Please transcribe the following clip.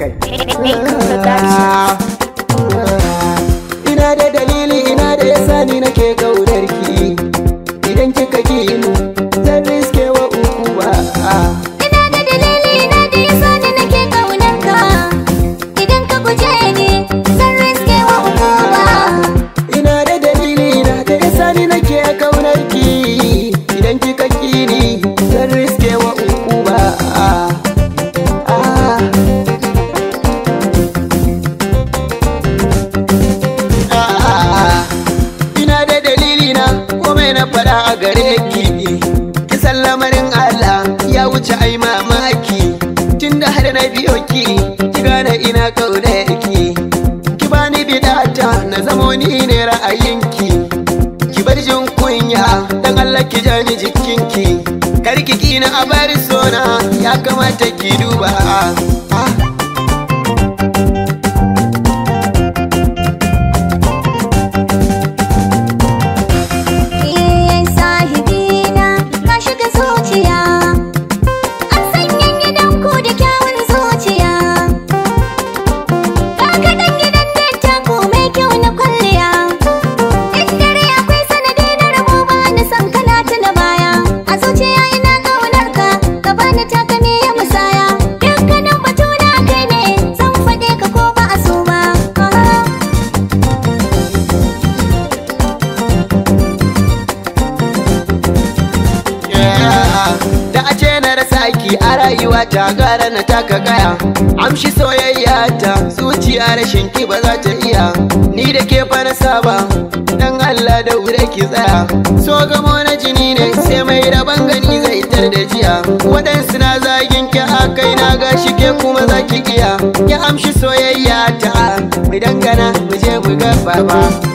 kai ina da dalili ina da yasa ni nake gaudar ki idan kika ki inu zan riske wa uku ba ina da dalili ina da yasa ni nake kaunar ka idan ka guje ni zan riske wa uku ba ina da dalili ina da yasa ni nake kaunar ki idan kika ki ni zan riske wa uku ba gare ki kisan lamarin Allah ya wuce ai mamaki tunda har na biyo ki ki gane ina kaune ki ki bani bidata na zamo ni ne ra'ayinki ki bar jin kunya dan Allah ki ja ni jikinki kar ki kina a bari sona ya kamata ki duba saki a rayuwa ta gara na taka kaya amshi soyayya ta zuciya rashin ki ba za ta iya ni da ke fara saba dan Allah da wure ki tsaya so gamo na jini ne sai mai raban gani zai tar da jiya waɗansu na zagin ki a kai na gashi ke kuma za ki iya ki amshi soyayya ta mu dangana mu je mu ga baba